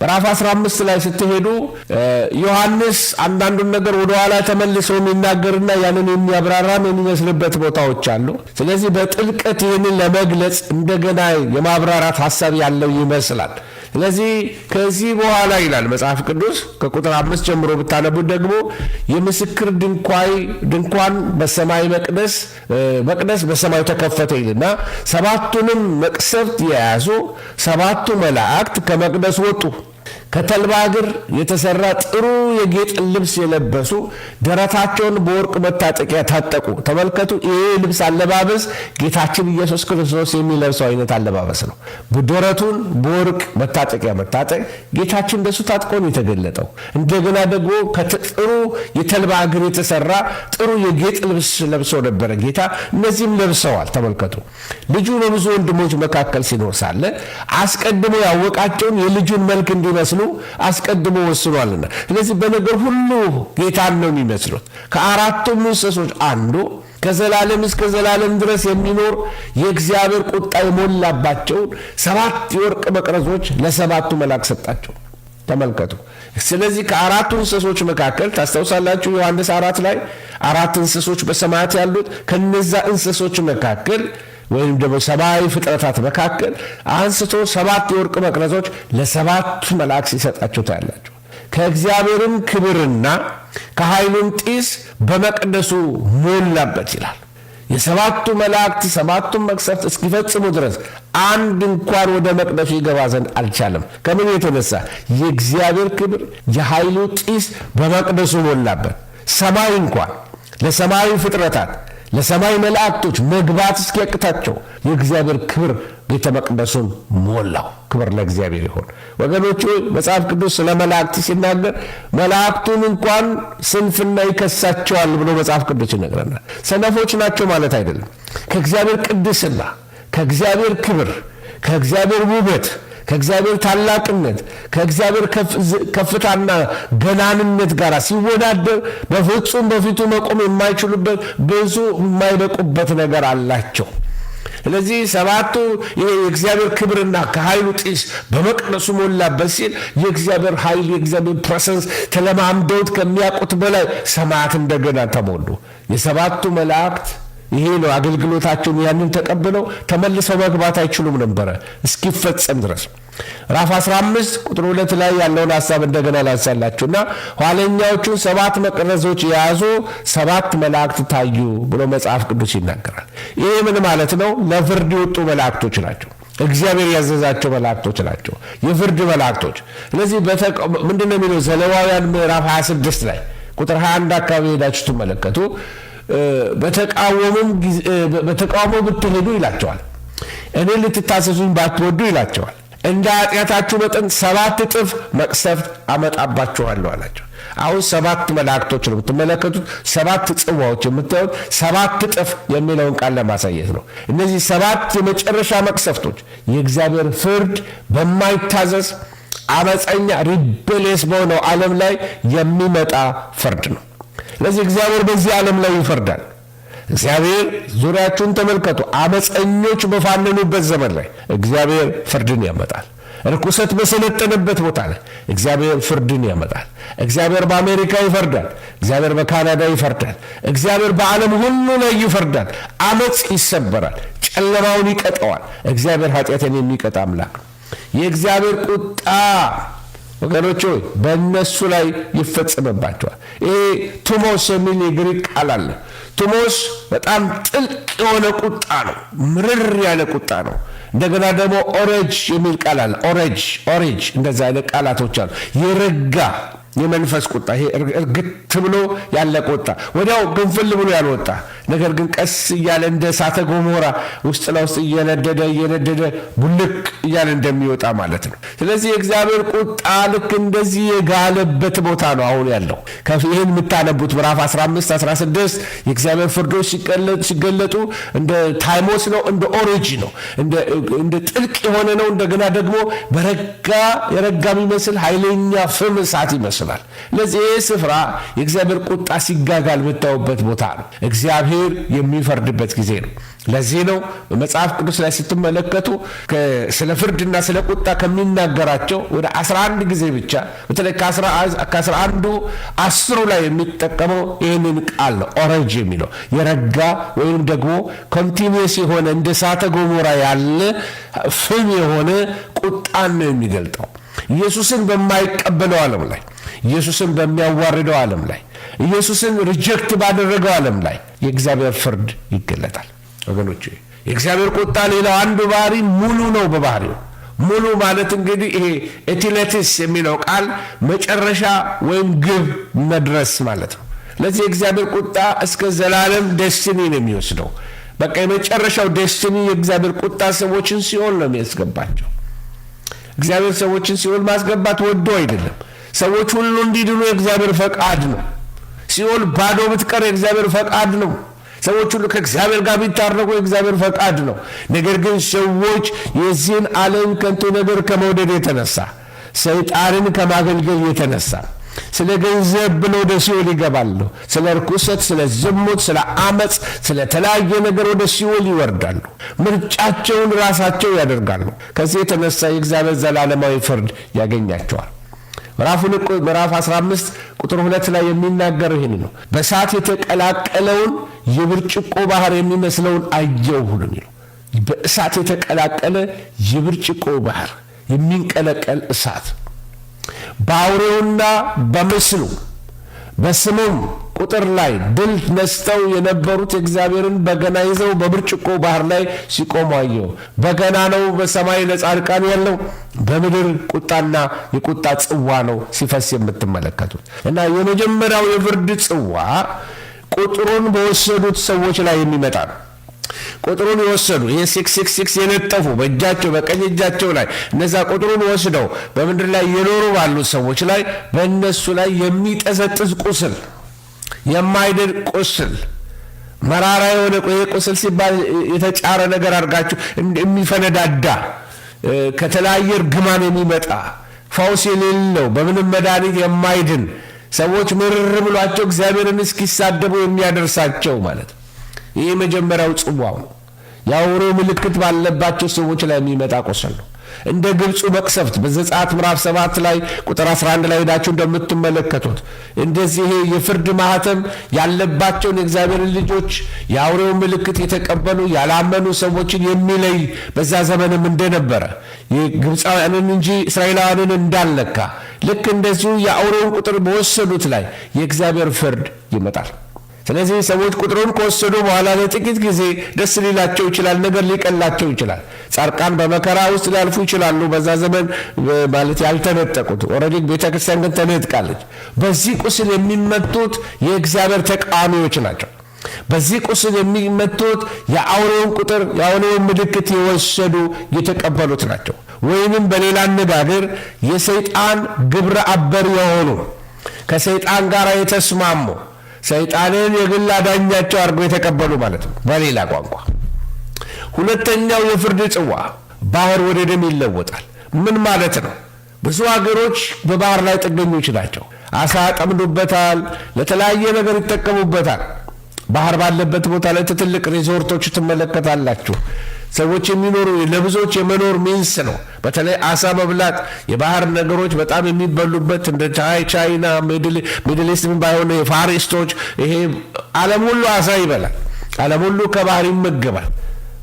ምዕራፍ 15 ላይ ስትሄዱ ዮሐንስ አንዳንዱን ነገር ወደኋላ ተመልሶ የሚናገርና ያንን የሚያብራራም የሚመስልበት ቦታዎች አሉ። ስለዚህ በጥልቀት ይህንን ለመግለጽ እንደገና የማብራራት ሀሳብ ያለው ይመስላል። ስለዚህ ከዚህ በኋላ ይላል መጽሐፍ ቅዱስ ከቁጥር አምስት ጀምሮ ብታነቡት ደግሞ የምስክር ድንኳን በሰማይ መቅደስ መቅደስ በሰማይ ተከፈተ ይልና ሰባቱንም መቅሰፍት የያዙ ሰባቱ መላእክት ከመቅደስ ወጡ። ከተልባ እግር የተሰራ ጥሩ የጌጥ ልብስ የለበሱ ደረታቸውን በወርቅ መታጠቂያ ታጠቁ። ተመልከቱ፣ ይሄ ልብስ አለባበስ ጌታችን ኢየሱስ ክርስቶስ የሚለብሰው አይነት አለባበስ ነው። ደረቱን በወርቅ መታጠቂያ መታጠቅ ጌታችን እንደሱ ታጥቆ ነው የተገለጠው። እንደገና ደግሞ ጥሩ የተልባ እግር የተሰራ ጥሩ የጌጥ ልብስ ለብሶ ነበረ ጌታ። እነዚህም ለብሰዋል። ተመልከቱ፣ ልጁ በብዙ ወንድሞች መካከል ሲኖር ሳለ አስቀድሞ ያወቃቸውን የልጁን መልክ እንዲመስሉ እንዲመስሉ አስቀድሞ ወስኗልና። ስለዚህ በነገር ሁሉ ጌታን ነው የሚመስሉት። ከአራቱም እንስሶች አንዱ ከዘላለም እስከ ዘላለም ድረስ የሚኖር የእግዚአብሔር ቁጣ የሞላባቸውን ሰባት የወርቅ መቅረዞች ለሰባቱ መልአክ ሰጣቸው። ተመልከቱ። ስለዚህ ከአራቱ እንስሶች መካከል ታስታውሳላችሁ፣ ዮሐንስ አራት ላይ አራት እንስሶች በሰማያት ያሉት ከነዛ እንስሶች መካከል ወይም ደግሞ ሰብአዊ ፍጥረታት መካከል አንስቶ ሰባት የወርቅ መቅረዞች ለሰባቱ መልአክ ሲሰጣቸው ታያላቸው። ከእግዚአብሔርም ክብርና ከኃይሉም ጢስ በመቅደሱ ሞላበት ይላል። የሰባቱ መላእክት ሰባቱን መቅሰፍት እስኪፈጽሙ ድረስ አንድ እንኳን ወደ መቅደሱ ይገባ ዘንድ አልቻለም። ከምን የተነሳ የእግዚአብሔር ክብር የኃይሉ ጢስ በመቅደሱ ሞላበት። ሰማይ እንኳን ለሰማያዊ ፍጥረታት ለሰማይ መላእክቶች መግባት እስኪያቅታቸው የእግዚአብሔር ክብር ቤተ መቅደሱን ሞላው። ክብር ለእግዚአብሔር ይሆን። ወገኖቹ መጽሐፍ ቅዱስ ስለ መላእክት ሲናገር መላእክቱን እንኳን ስንፍና ይከሳቸዋል ብሎ መጽሐፍ ቅዱስ ይነግረናል። ሰነፎች ናቸው ማለት አይደለም። ከእግዚአብሔር ቅድስና፣ ከእግዚአብሔር ክብር፣ ከእግዚአብሔር ውበት ከእግዚአብሔር ታላቅነት ከእግዚአብሔር ከፍታና ገናንነት ጋር ሲወዳደር በፍጹም በፊቱ መቆም የማይችሉበት ብዙ የማይበቁበት ነገር አላቸው። ስለዚህ ሰባቱ የእግዚአብሔር ክብርና ከኃይሉ ጢስ በመቅደሱ ሞላበት ሲል የእግዚአብሔር ኃይል የእግዚአብሔር ፕሬሰንስ ተለማምደውት ከሚያውቁት በላይ ሰማያት እንደገና ተሞሉ። የሰባቱ መላእክት ይሄ ነው አገልግሎታቸውን። ያንን ተቀብለው ተመልሰው መግባት አይችሉም ነበረ እስኪፈጸም ድረስ። ራፍ 15 ቁጥር ሁለት ላይ ያለውን ሀሳብ እንደገና ላንሳላችሁ እና ኋለኛዎቹን ሰባት መቅረዞች የያዙ ሰባት መላእክት ታዩ ብሎ መጽሐፍ ቅዱስ ይናገራል። ይሄ ምን ማለት ነው? ለፍርድ የወጡ መላእክቶች ናቸው። እግዚአብሔር ያዘዛቸው መላእክቶች ናቸው፣ የፍርድ መላእክቶች። ስለዚህ ምንድነው የሚለው ዘሌዋውያን ምዕራፍ 26 ላይ ቁጥር 21 አካባቢ ሄዳችሁ ትመለከቱ በተቃውሞ ብትሄዱ ይላቸዋል። እኔ ልትታሰሱኝ ባትወዱ ይላቸዋል። እንደ ኃጢአታችሁ መጠን ሰባት እጥፍ መቅሰፍት አመጣባችኋለሁ አላቸው። አሁን ሰባት መላእክቶች ነው የምትመለከቱት፣ ሰባት ጽዋዎች የምታዩት፣ ሰባት እጥፍ የሚለውን ቃል ለማሳየት ነው። እነዚህ ሰባት የመጨረሻ መቅሰፍቶች የእግዚአብሔር ፍርድ በማይታዘዝ አመፀኛ ሪቤሌስ በሆነው ዓለም ላይ የሚመጣ ፍርድ ነው። ስለዚህ እግዚአብሔር በዚህ ዓለም ላይ ይፈርዳል። እግዚአብሔር ዙሪያችሁን ተመልከቱ። አመፀኞች በፋነኑበት ዘመን ላይ እግዚአብሔር ፍርድን ያመጣል። ርኩሰት በሰለጠነበት ቦታ ላይ እግዚአብሔር ፍርድን ያመጣል። እግዚአብሔር በአሜሪካ ይፈርዳል። እግዚአብሔር በካናዳ ይፈርዳል። እግዚአብሔር በዓለም ሁሉ ላይ ይፈርዳል። አመፅ ይሰበራል። ጨለማውን ይቀጠዋል። እግዚአብሔር ኃጢአትን የሚቀጣ አምላክ ነው። የእግዚአብሔር ቁጣ ወገኖች ሆይ በእነሱ ላይ ይፈጸምባቸዋል። ይሄ ቱሞስ የሚል የግሪክ ቃል አለ። ቱሞስ በጣም ጥልቅ የሆነ ቁጣ ነው፣ ምርር ያለ ቁጣ ነው። እንደገና ደግሞ ኦሬጅ የሚል ቃል አለ። ኦሬጅ ኦሬጅ እንደዚህ አይነት ቃላቶች አሉ። የረጋ የመንፈስ ቁጣ ይሄ እርግት ብሎ ያለ ቁጣ ወዲያው ግንፍል ብሎ ያልወጣ ነገር ግን ቀስ እያለ እንደ እሳተ ገሞራ ውስጥ ለውስጥ እየነደደ እየነደደ ቡልቅ እያለ እንደሚወጣ ማለት ነው። ስለዚህ የእግዚአብሔር ቁጣ ልክ እንደዚህ የጋለበት ቦታ ነው አሁን ያለው። ይህን የምታነቡት ምዕራፍ 15 16 የእግዚአብሔር ፍርዶች ሲገለጡ እንደ ታይሞስ ነው፣ እንደ ኦሪጂ ነው፣ እንደ ጥልቅ የሆነ ነው። እንደገና ደግሞ በረጋ የረጋ የሚመስል ኃይለኛ ፍም እሳት ይመስል ያሳስባል። ለዚህ ይህ ስፍራ የእግዚአብሔር ቁጣ ሲጋጋል የምታዩበት ቦታ ነው። እግዚአብሔር የሚፈርድበት ጊዜ ነው። ለዚህ ነው በመጽሐፍ ቅዱስ ላይ ስትመለከቱ ስለ ፍርድና ስለ ቁጣ ከሚናገራቸው ወደ 11 ጊዜ ብቻ በተለይ ከ11ዱ አስሩ ላይ የሚጠቀመው ይህንን ቃል ነው። ኦረጅ የሚለው የረጋ ወይም ደግሞ ኮንቲኒስ የሆነ እንደ እሳተ ገሞራ ያለ ፍም የሆነ ቁጣን ነው የሚገልጠው። ኢየሱስን በማይቀበለው ዓለም ላይ ኢየሱስን በሚያዋርደው ዓለም ላይ ኢየሱስን ሪጀክት ባደረገው ዓለም ላይ የእግዚአብሔር ፍርድ ይገለጣል። ወገኖች የእግዚአብሔር ቁጣ ሌላው አንዱ ባህሪ ሙሉ ነው። በባህሪው ሙሉ ማለት እንግዲህ ይሄ ኤቲሌቲስ የሚለው ቃል መጨረሻ ወይም ግብ መድረስ ማለት ነው። ለዚህ የእግዚአብሔር ቁጣ እስከ ዘላለም ደስቲኒ ነው የሚወስደው። በቃ የመጨረሻው ደስቲኒ የእግዚአብሔር ቁጣ ሰዎችን ሲኦል ነው የሚያስገባቸው። እግዚአብሔር ሰዎችን ሲኦል ማስገባት ወዶ አይደለም። ሰዎች ሁሉ እንዲድኑ የእግዚአብሔር ፈቃድ ነው። ሲኦል ባዶ ብትቀር የእግዚአብሔር ፈቃድ ነው። ሰዎች ሁሉ ከእግዚአብሔር ጋር ቢታረቁ የእግዚአብሔር ፈቃድ ነው። ነገር ግን ሰዎች የዚህን ዓለም ከንቱ ነገር ከመውደድ የተነሳ ሰይጣንን ከማገልገል የተነሳ ስለ ገንዘብ ብለው ወደ ሲኦል ይገባሉ። ስለ ርኩሰት፣ ስለ ዝሙት፣ ስለ አመፅ፣ ስለተለያየ ነገር ወደ ሲኦል ይወርዳሉ። ምርጫቸውን ራሳቸው ያደርጋሉ። ከዚህ የተነሳ የእግዚአብሔር ዘላለማዊ ፍርድ ያገኛቸዋል። ምዕራፍ 15 ቁጥር 2 ላይ የሚናገር ይህን ነው። በእሳት የተቀላቀለውን የብርጭቆ ባህር የሚመስለውን አየሁ ነው የሚለው። በእሳት የተቀላቀለ የብርጭቆ ባህር የሚንቀለቀል እሳት በአውሬውና በምስሉ በስሙም ቁጥር ላይ ድል ነስተው የነበሩት የእግዚአብሔርን በገና ይዘው በብርጭቆ ባህር ላይ ሲቆሙ አየሁ። በገና ነው በሰማይ ለጻድቃን ያለው፣ በምድር ቁጣና የቁጣ ጽዋ ነው ሲፈስ የምትመለከቱት እና የመጀመሪያው የፍርድ ጽዋ ቁጥሩን በወሰዱት ሰዎች ላይ የሚመጣ ነው። ቁጥሩን የወሰዱ ይሄ ሲክስ ሲክስ የነጠፉ በእጃቸው በቀኝ እጃቸው ላይ እነዛ ቁጥሩን ወስደው በምድር ላይ የኖሩ ባሉት ሰዎች ላይ በእነሱ ላይ የሚጠዘጥዝ ቁስል፣ የማይድን ቁስል፣ መራራ የሆነ ቁስል ሲባል የተጫረ ነገር አድርጋችሁ የሚፈነዳዳ ከተለያየ እርግማን የሚመጣ ፈውስ የሌለው በምንም መድኃኒት የማይድን ሰዎች ምርር ብሏቸው እግዚአብሔርን እስኪሳደቡ የሚያደርሳቸው ማለት ነው። ይህ የመጀመሪያው ጽዋው ነው። የአውሬ ምልክት ባለባቸው ሰዎች ላይ የሚመጣ ቁስል ነው። እንደ ግብፁ መቅሰፍት በዘጸአት ምዕራፍ 7 ላይ ቁጥር 11 ላይ ሄዳችሁ እንደምትመለከቱት እንደዚህ የፍርድ ማህተም ያለባቸውን የእግዚአብሔር ልጆች የአውሬው ምልክት የተቀበሉ ያላመኑ ሰዎችን የሚለይ በዛ ዘመንም እንደነበረ ግብፃውያንን እንጂ እስራኤላውያንን እንዳለካ ልክ እንደዚሁ የአውሬውን ቁጥር በወሰዱት ላይ የእግዚአብሔር ፍርድ ይመጣል። ስለዚህ ሰዎች ቁጥሩን ከወሰዱ በኋላ ለጥቂት ጊዜ ደስ ሊላቸው ይችላል፣ ነገር ሊቀላቸው ይችላል። ጻድቃን በመከራ ውስጥ ሊያልፉ ይችላሉ። በዛ ዘመን ማለት ያልተነጠቁት ኦልሬዲ ቤተክርስቲያን ግን ተነጥቃለች። በዚህ ቁስል የሚመቱት የእግዚአብሔር ተቃዋሚዎች ናቸው። በዚህ ቁስል የሚመቱት የአውሬውን ቁጥር የአውሬውን ምልክት የወሰዱ የተቀበሉት ናቸው። ወይንም በሌላ አነጋገር የሰይጣን ግብረ አበር የሆኑ ከሰይጣን ጋር የተስማሙ ሰይጣንን የግል አዳኛቸው አድርገው የተቀበሉ ማለት ነው። በሌላ ቋንቋ ሁለተኛው የፍርድ ጽዋ ባህር ወደ ደም ይለወጣል። ምን ማለት ነው? ብዙ ሀገሮች በባህር ላይ ጥገኞች ናቸው። አሳ ያጠምዱበታል፣ ለተለያየ ነገር ይጠቀሙበታል። ባህር ባለበት ቦታ ላይ ትልቅ ሪዞርቶች ትመለከታላችሁ። ሰዎች የሚኖሩ ለብዙዎች የመኖር ሚንስ ነው። በተለይ አሳ መብላት የባህር ነገሮች በጣም የሚበሉበት እንደ ቻይና፣ ሚድልስት ባይሆነ የፋሪስቶች ይሄ ዓለም ሁሉ አሳ ይበላል። ዓለም ሁሉ ከባህር ይመገባል።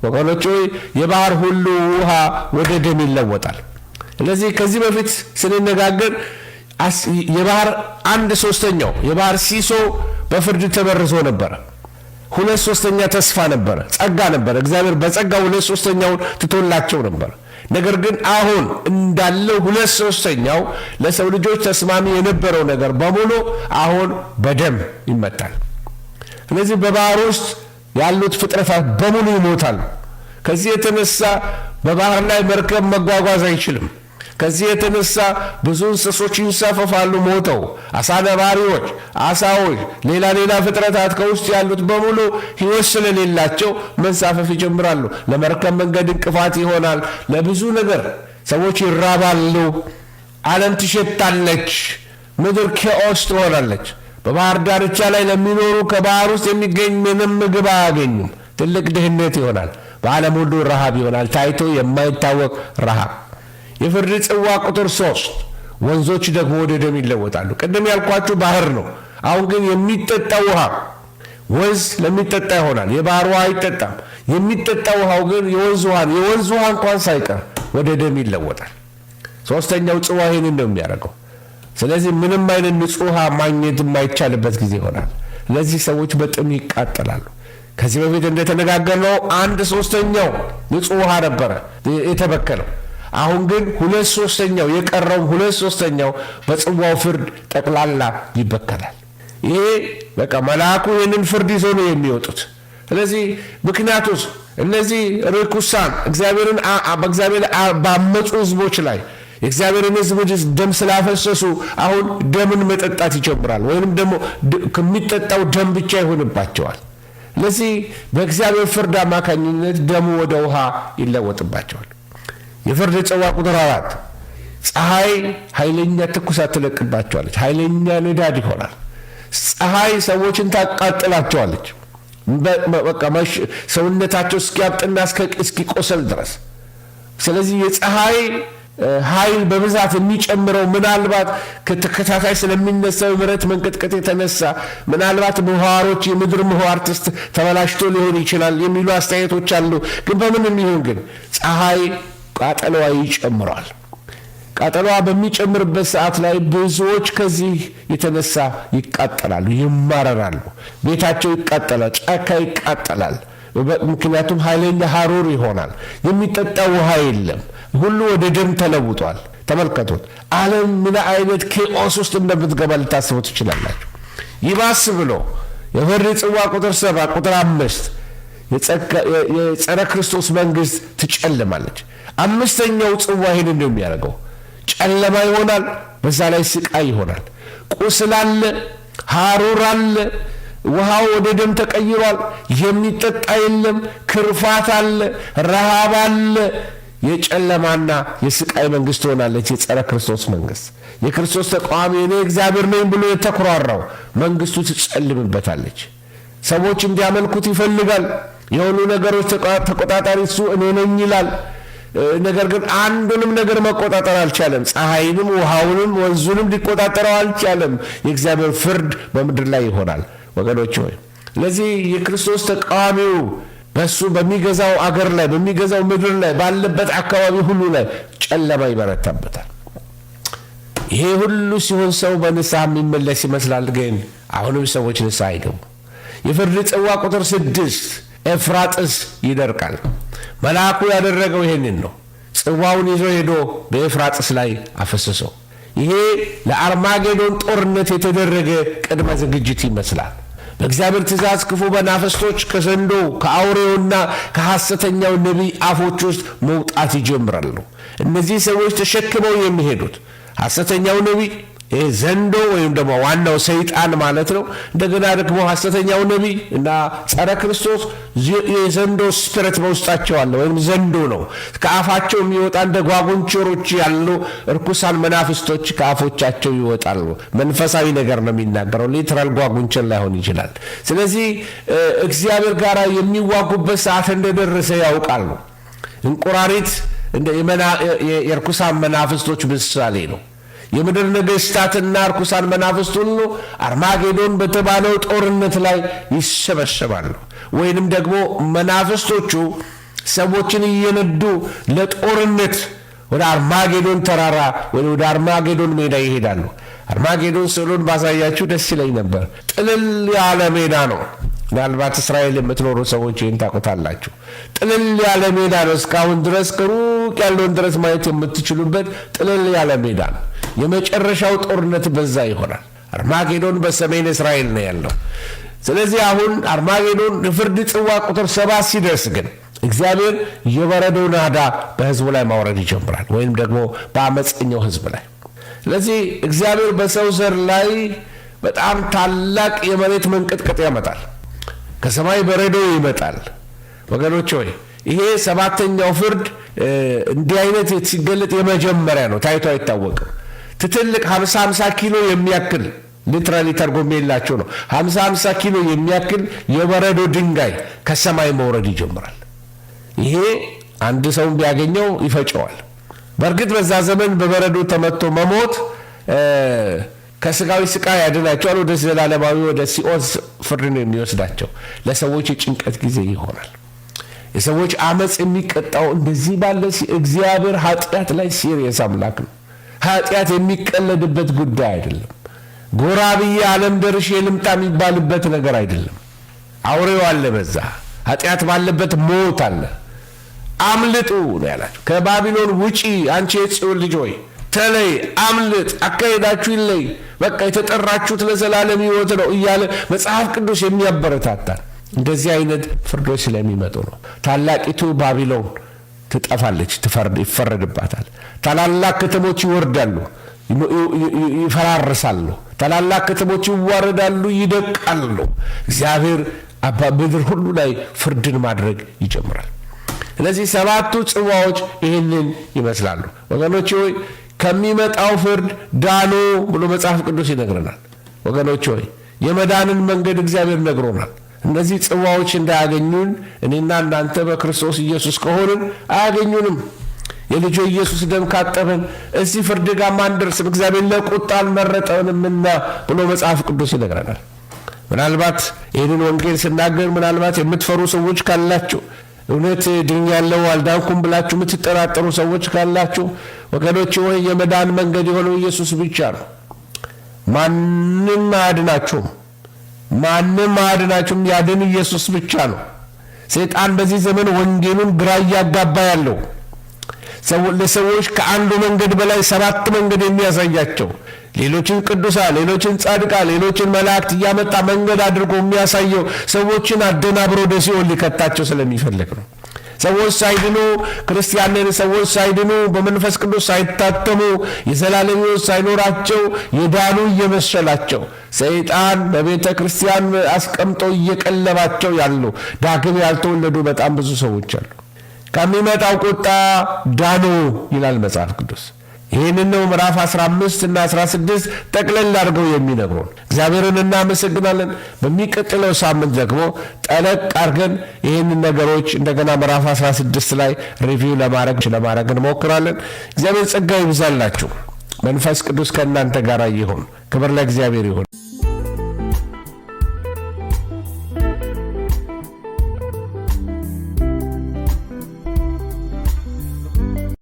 ወገኖች የባህር ሁሉ ውሃ ወደ ደም ይለወጣል። ስለዚህ ከዚህ በፊት ስንነጋገር የባህር አንድ ሶስተኛው የባህር ሲሶ በፍርድ ተበርሶ ነበረ። ሁለት ሶስተኛ ተስፋ ነበረ፣ ጸጋ ነበረ። እግዚአብሔር በጸጋ ሁለት ሶስተኛውን ትቶላቸው ነበር። ነገር ግን አሁን እንዳለው ሁለት ሶስተኛው ለሰው ልጆች ተስማሚ የነበረው ነገር በሙሉ አሁን በደም ይመጣል። ስለዚህ በባህር ውስጥ ያሉት ፍጥረታት በሙሉ ይሞታል። ከዚህ የተነሳ በባህር ላይ መርከብ መጓጓዝ አይችልም። ከዚህ የተነሳ ብዙ እንስሶች ይንሰፈፋሉ ሞተው፣ አሳ ነባሪዎች፣ አሳዎች፣ ሌላ ሌላ ፍጥረታት ከውስጥ ያሉት በሙሉ ህይወት ስለሌላቸው መንሳፈፍ ይጀምራሉ። ለመርከብ መንገድ እንቅፋት ይሆናል። ለብዙ ነገር ሰዎች ይራባሉ። ዓለም ትሸታለች። ምድር ኬኦስ ትሆናለች። በባህር ዳርቻ ላይ ለሚኖሩ ከባህር ውስጥ የሚገኝ ምንም ምግብ አያገኙም። ትልቅ ድህነት ይሆናል። በዓለም ሁሉ ረሃብ ይሆናል። ታይቶ የማይታወቅ ረሃብ የፍርድ ጽዋ ቁጥር ሶስት ወንዞች ደግሞ ወደ ደም ይለወጣሉ። ቅድም ያልኳችሁ ባህር ነው። አሁን ግን የሚጠጣ ውሃ ወንዝ ለሚጠጣ ይሆናል። የባህር ውሃ አይጠጣም። የሚጠጣ ውሃው ግን የወንዝ ውሃ የወንዝ ውሃ እንኳን ሳይቀር ወደ ደም ይለወጣል። ሶስተኛው ጽዋ ይህንን ነው የሚያደርገው። ስለዚህ ምንም አይነት ንጹህ ውሃ ማግኘት የማይቻልበት ጊዜ ይሆናል። ስለዚህ ሰዎች በጥም ይቃጠላሉ። ከዚህ በፊት እንደተነጋገርነው አንድ ሶስተኛው ንጹህ ውሃ ነበረ የተበከለው። አሁን ግን ሁለት ሶስተኛው የቀረውም ሁለት ሶስተኛው በጽዋው ፍርድ ጠቅላላ ይበከላል። ይሄ በቃ መልአኩ ይህንን ፍርድ ይዞ ነው የሚወጡት። ስለዚህ ምክንያቱስ እነዚህ ርኩሳን እግዚአብሔርን በእግዚአብሔር ባመፁ ህዝቦች ላይ የእግዚአብሔርን ህዝብ ደም ስላፈሰሱ አሁን ደምን መጠጣት ይጀምራል። ወይም ደግሞ ከሚጠጣው ደም ብቻ ይሆንባቸዋል። ለዚህ በእግዚአብሔር ፍርድ አማካኝነት ደሙ ወደ ውሃ ይለወጥባቸዋል። የፍርድ ጽዋ ቁጥር አራት ፀሐይ ኃይለኛ ትኩሳት ትለቅባቸዋለች። ኃይለኛ ንዳድ ይሆናል። ፀሐይ ሰዎችን ታቃጥላቸዋለች። ሰውነታቸው እስኪያብጥና እስኪቆሰል ድረስ። ስለዚህ የፀሐይ ኃይል በብዛት የሚጨምረው ምናልባት ከተከታታይ ስለሚነሳው የመሬት መንቀጥቀጥ የተነሳ ምናልባት ምህዋሮች የምድር ምህዋር ተበላሽቶ ሊሆን ይችላል የሚሉ አስተያየቶች አሉ። ግን በምንም ይሁን ግን ፀሐይ ቃጠሏ ይጨምራል። ቃጠሏ በሚጨምርበት ሰዓት ላይ ብዙዎች ከዚህ የተነሳ ይቃጠላሉ፣ ይማረራሉ። ቤታቸው ይቃጠላል፣ ጫካ ይቃጠላል። ምክንያቱም ኃይለኛ ሀሩር ይሆናል። የሚጠጣ ውሃ የለም። ሁሉ ወደ ደም ተለውጧል። ተመልከቱት፣ ዓለም ምን አይነት ኬኦስ ውስጥ እንደምትገባ ልታስቡ ትችላላችሁ። ይባስ ብሎ የበሪ ጽዋ ቁጥር ሰባ ቁጥር አምስት የጸረ ክርስቶስ መንግስት ትጨልማለች። አምስተኛው ጽዋ ይሄን ነው የሚያደርገው። ጨለማ ይሆናል። በዛ ላይ ስቃይ ይሆናል። ቁስል አለ፣ ሐሩር አለ። ውሃው ወደ ደም ተቀይሯል። የሚጠጣ የለም። ክርፋት አለ፣ ረሃብ አለ። የጨለማና የስቃይ መንግስት ትሆናለች፣ የጸረ ክርስቶስ መንግስት። የክርስቶስ ተቃዋሚ እኔ እግዚአብሔር ነኝ ብሎ የተኩራራው መንግስቱ ትጨልምበታለች። ሰዎች እንዲያመልኩት ይፈልጋል። የሆኑ ነገሮች ተቆጣጣሪ እሱ እኔ ነኝ ይላል። ነገር ግን አንዱንም ነገር መቆጣጠር አልቻለም። ፀሐይንም፣ ውሃውንም፣ ወንዙንም ሊቆጣጠረው አልቻለም። የእግዚአብሔር ፍርድ በምድር ላይ ይሆናል። ወገኖች ሆይ ለዚህ የክርስቶስ ተቃዋሚው በሱ በሚገዛው አገር ላይ በሚገዛው ምድር ላይ ባለበት አካባቢ ሁሉ ላይ ጨለማ ይበረታበታል። ይሄ ሁሉ ሲሆን ሰው በንስሐ የሚመለስ ይመስላል። ግን አሁንም ሰዎች ንስሐ አይገቡ። የፍርድ ጽዋ ቁጥር ስድስት ኤፍራጥስ ይደርቃል። መልአኩ ያደረገው ይሄንን ነው። ጽዋውን ይዞ ሄዶ በኤፍራጥስ ላይ አፈሰሰው። ይሄ ለአርማጌዶን ጦርነት የተደረገ ቅድመ ዝግጅት ይመስላል። በእግዚአብሔር ትእዛዝ ክፉ መናፍስቶች ከዘንዶው ከአውሬውና ከሐሰተኛው ነቢይ አፎች ውስጥ መውጣት ይጀምራሉ። እነዚህ ሰዎች ተሸክመው የሚሄዱት ሐሰተኛው ነቢይ ይህ ዘንዶ ወይም ደግሞ ዋናው ሰይጣን ማለት ነው። እንደገና ደግሞ ሐሰተኛው ነቢይ እና ጸረ ክርስቶስ የዘንዶ ስፕረት በውስጣቸው አለ ወይም ዘንዶ ነው። ከአፋቸው የሚወጣ እንደ ጓጉንቸሮች ያሉ እርኩሳን መናፍስቶች ከአፎቻቸው ይወጣሉ። መንፈሳዊ ነገር ነው የሚናገረው። ሌትራል ጓጉንቸር ላይሆን ይችላል። ስለዚህ እግዚአብሔር ጋር የሚዋጉበት ሰዓት እንደደረሰ ያውቃሉ። እንቁራሪት የእርኩሳን መናፍስቶች ምሳሌ ነው። የምድር ነገሥታትና ርኩሳን መናፍስት ሁሉ አርማጌዶን በተባለው ጦርነት ላይ ይሰበሰባሉ። ወይንም ደግሞ መናፍስቶቹ ሰዎችን እየነዱ ለጦርነት ወደ አርማጌዶን ተራራ ወይ ወደ አርማጌዶን ሜዳ ይሄዳሉ። አርማጌዶን ስዕሉን ባሳያችሁ ደስ ይለኝ ነበር። ጥልል ያለ ሜዳ ነው። ምናልባት እስራኤል የምትኖሩ ሰዎች ይህን ታውቁታላችሁ። ጥልል ያለ ሜዳ ነው። እስካሁን ድረስ ከሩቅ ያለውን ድረስ ማየት የምትችሉበት ጥልል ያለ ሜዳ ነው። የመጨረሻው ጦርነት በዛ ይሆናል። አርማጌዶን በሰሜን እስራኤል ነው ያለው። ስለዚህ አሁን አርማጌዶን የፍርድ ጽዋ ቁጥር ሰባት ሲደርስ ግን እግዚአብሔር የበረዶ ናዳ በህዝቡ ላይ ማውረድ ይጀምራል፣ ወይም ደግሞ በአመፀኛው ህዝብ ላይ። ስለዚህ እግዚአብሔር በሰው ዘር ላይ በጣም ታላቅ የመሬት መንቀጥቀጥ ያመጣል። ከሰማይ በረዶ ይመጣል። ወገኖች ሆይ ይሄ ሰባተኛው ፍርድ እንዲህ አይነት ሲገለጥ የመጀመሪያ ነው፣ ታይቶ አይታወቅም። ትትልቅ 50 50 ኪሎ የሚያክል ሊትራሊ ተርጎሜ የላቸው ነው 50 50 ኪሎ የሚያክል የበረዶ ድንጋይ ከሰማይ መውረድ ይጀምራል። ይሄ አንድ ሰውን ቢያገኘው ይፈጨዋል። በእርግጥ በዛ ዘመን በበረዶ ተመቶ መሞት ከስጋዊ ስቃይ ያድናቸዋል፣ ወደ ዘላለማዊ ወደ ሲኦል ፍርድ ነው የሚወስዳቸው። ለሰዎች የጭንቀት ጊዜ ይሆናል። የሰዎች አመፅ የሚቀጣው እንደዚህ ባለ እግዚአብሔር ኃጢአት ላይ ሲሪየስ አምላክ ነው። ኃጢአት የሚቀለድበት ጉዳይ አይደለም። ጎራ ብዬ ዓለም ደርሼ ልምጣ የሚባልበት ነገር አይደለም። አውሬው አለ፣ በዛ ኃጢአት ባለበት ሞት አለ። አምልጡ ነው ያላቸው። ከባቢሎን ውጪ አንቺ የጽዮን ልጅ ሆይ ተለይ፣ አምልጥ፣ አካሄዳችሁ ይለይ፣ በቃ የተጠራችሁት ለዘላለም ሕይወት ነው እያለ መጽሐፍ ቅዱስ የሚያበረታታል። እንደዚህ አይነት ፍርዶች ስለሚመጡ ነው ታላቂቱ ባቢሎን ትጠፋለች፣ ይፈረድባታል። ታላላቅ ከተሞች ይወርዳሉ፣ ይፈራርሳሉ። ታላላቅ ከተሞች ይዋረዳሉ፣ ይደቃሉ። እግዚአብሔር አባ ምድር ሁሉ ላይ ፍርድን ማድረግ ይጀምራል። እነዚህ ሰባቱ ጽዋዎች ይህንን ይመስላሉ። ወገኖች ሆይ ከሚመጣው ፍርድ ዳኑ ብሎ መጽሐፍ ቅዱስ ይነግረናል። ወገኖች ሆይ የመዳንን መንገድ እግዚአብሔር ነግሮናል። እነዚህ ጽዋዎች እንዳያገኙን እኔና እናንተ በክርስቶስ ኢየሱስ ከሆንን አያገኙንም። የልጁ ኢየሱስ ደም ካጠበን እዚህ ፍርድ ጋር ማንደርስም፣ እግዚአብሔር ለቁጣ አልመረጠንምና ብሎ መጽሐፍ ቅዱስ ይነግረናል። ምናልባት ይህንን ወንጌል ስናገር ምናልባት የምትፈሩ ሰዎች ካላችሁ እውነት ድኛለሁ አልዳንኩም ብላችሁ የምትጠራጠሩ ሰዎች ካላችሁ ወገኖች ወይ የመዳን መንገድ የሆነው ኢየሱስ ብቻ ነው። ማንም አያድናችሁም። ማንም አያድናችሁም፣ ያድን ኢየሱስ ብቻ ነው። ሰይጣን በዚህ ዘመን ወንጌሉን ግራ እያጋባ ያለው ለሰዎች ከአንዱ መንገድ በላይ ሰባት መንገድ የሚያሳያቸው ሌሎችን ቅዱሳ ሌሎችን ጻድቃ ሌሎችን መላእክት እያመጣ መንገድ አድርጎ የሚያሳየው ሰዎችን አደናብሮ ወደ ሲኦል ሊከታቸው ስለሚፈልግ ነው። ሰዎች ሳይድኑ ክርስቲያንን ሰዎች ሳይድኑ በመንፈስ ቅዱስ ሳይታተሙ የዘላለም ሕይወት ሳይኖራቸው የዳኑ እየመሰላቸው ሰይጣን በቤተ ክርስቲያን አስቀምጦ እየቀለባቸው ያሉ ዳግም ያልተወለዱ በጣም ብዙ ሰዎች አሉ። ከሚመጣው ቁጣ ዳኑ ይላል መጽሐፍ ቅዱስ። ይህንን ነው ምዕራፍ 15 እና 16 ጠቅለል አድርገው የሚነግሩን። እግዚአብሔርን እናመሰግናለን። በሚቀጥለው ሳምንት ደግሞ ጠለቅ አድርገን ይህንን ነገሮች እንደገና ምዕራፍ 16 ላይ ሪቪው ለማድረግ ለማድረግ እንሞክራለን። እግዚአብሔር ጸጋ ይብዛላችሁ። መንፈስ ቅዱስ ከእናንተ ጋር ይሁን። ክብር ለእግዚአብሔር ይሁን።